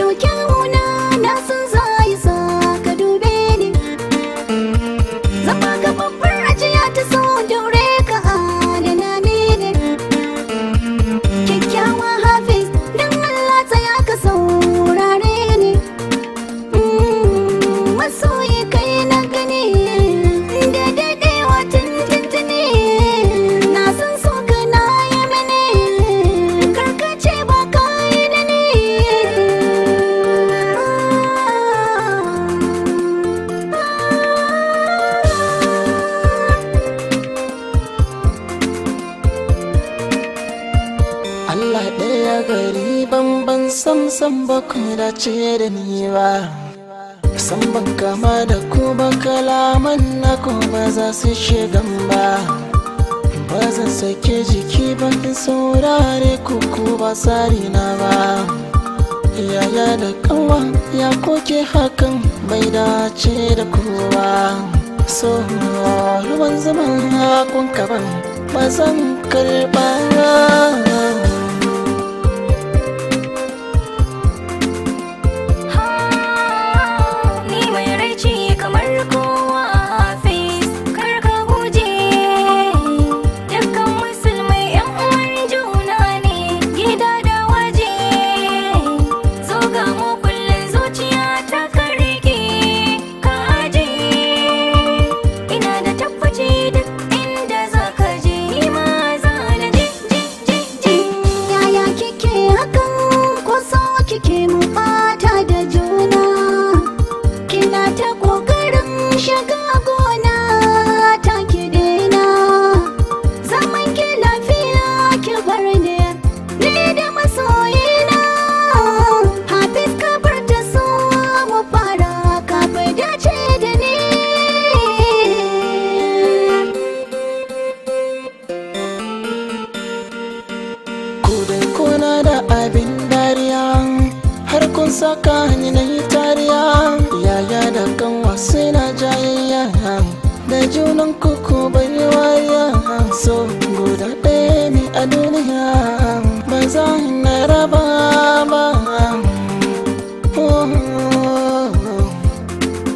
đôi chân sam sam ba ku dace da ni ba san ban kama da ku ba kalaman na ku ba za su shiga ba ba zan sake jiki ban saurare ku ku ba tsari na ba yaya da kawa ya koke hakan bai dace da ba so ruwan zaman hakun kaban ba zan karba ta ƙoƙarin shiga saka ni na yi tariya yaya da kan wasu na jayayya da junan kuku bai wariya so guda ɗaya ne a duniya ba za na raba ba oh, oh, oh.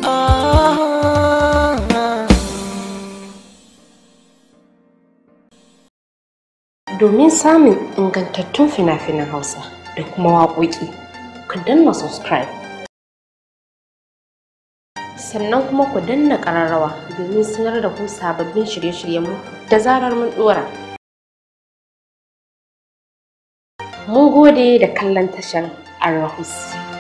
Ah. domin samun ingantattun fina-finan hausa da kuma waƙoƙi ku danna subscribe sannan kuma ku danna ƙararrawa domin sanar da ku sababbin shirye-shiryenmu da zarar mun ɗora. Mu gode da kallon tashar Arahus.